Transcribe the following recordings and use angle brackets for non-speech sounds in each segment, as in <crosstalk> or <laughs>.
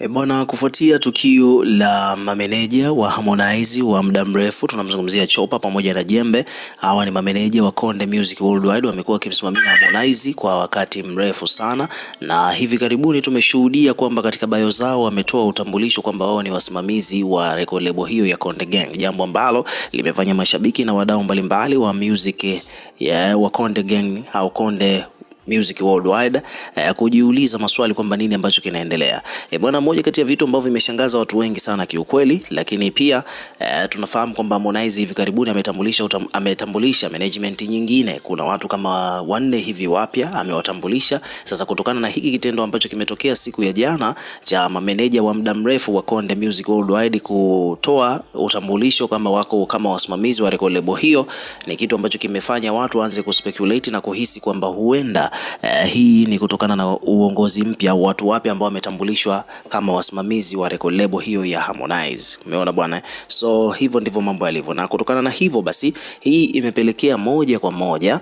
E bwana, kufuatia tukio la mameneja wa Harmonize wa muda mrefu, tunamzungumzia Chopa pamoja na Jembe. Hawa ni mameneja wa Konde Music Worldwide, wamekuwa wakimsimamia Harmonize kwa wakati mrefu sana, na hivi karibuni tumeshuhudia kwamba katika bio zao wametoa utambulisho kwamba wao ni wasimamizi wa record label hiyo ya Konde Gang, jambo ambalo limefanya mashabiki na wadau mbalimbali wa music yeah, wa Konde Gang au Konde Music Worldwide eh, kujiuliza maswali kwamba nini ambacho kinaendelea. Eh, bwana, mmoja kati ya vitu ambavyo vimeshangaza watu wengi sana kiukweli, lakini pia eh, tunafahamu kwamba Harmonize hivi karibuni ametambulisha ametambulisha management nyingine. Kuna watu kama wanne hivi wapya amewatambulisha. Sasa kutokana na hiki kitendo ambacho kimetokea siku ya jana cha mameneja wa muda mrefu wa Konde Music Worldwide kutoa utambulisho kama wako kama wasimamizi wa record label hiyo, ni kitu ambacho kimefanya watu waanze kuspeculate na kuhisi kwamba huenda eh, hii ni kutokana na uongozi mpya, watu wapya ambao wametambulishwa kama wasimamizi wa record label hiyo ya Harmonize. Umeona bwana, eh? so hivyo ndivyo mambo yalivyo, na kutokana na hivyo basi hii imepelekea moja kwa moja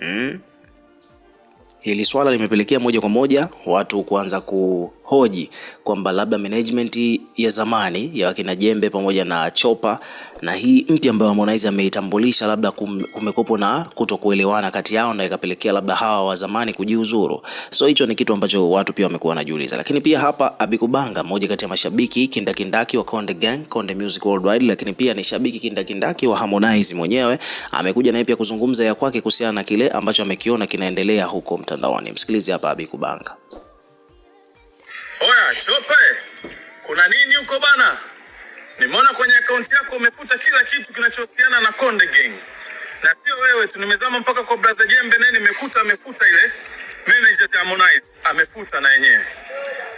hmm. Hili swala limepelekea moja kwa moja watu kuanza ku wanahoji kwamba labda management ya zamani ya wakina Jembe pamoja na Chopa na hii mpya ambayo Harmonize ameitambulisha, labda kumekopo na kutokuelewana kati yao, na ikapelekea labda hawa wa zamani kujiuzuru. So hicho ni kitu ambacho watu pia wamekuwa wanajiuliza, lakini pia hapa Abikubanga, mmoja kati ya mashabiki kindakindaki wa Konde Gang, Konde Music Worldwide, lakini pia ni shabiki kindakindaki wa Harmonize mwenyewe, amekuja naye pia kuzungumza ya kwake kuhusiana na kile ambacho amekiona kinaendelea huko mtandaoni. Msikilize hapa Abikubanga. Chope, kuna nini huko bana? Nimeona kwenye akaunti yako umefuta kila kitu kinachohusiana na Konde Gang, na sio wewe tu, nimezama mpaka kwa braza Jembe naye nimekuta amefuta ile manager Harmonize, amefuta na yenyewe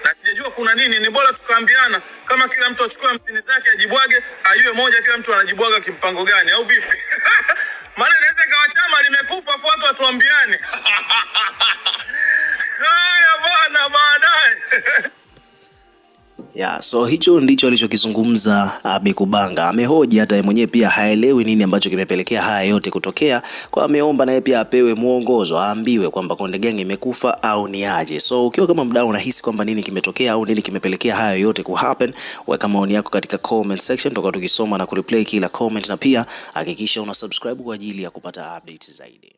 na sijajua kuna nini. Ni bora tukaambiana, kama kila mtu achukue hamsini zake ajibwage, ayue moja, kila mtu anajibwaga kimpango gani, au vipi? <laughs> maana inaweza kawa chama limekufa, afu watu watuambiane <laughs> Yeah, so hicho ndicho alichokizungumza abi uh, Bikubanga. Amehoji hata yeye mwenyewe pia haelewi nini ambacho kimepelekea haya yote kutokea, kwa ameomba naye pia apewe mwongozo, aambiwe kwamba Konde Gang imekufa au ni aje. So ukiwa kama mdau unahisi kwamba nini kimetokea au nini kimepelekea haya yote ku happen, weka maoni yako katika comment section, tutakuwa tukisoma na kureply kila comment, na pia hakikisha una subscribe kwa ajili ya kupata updates zaidi.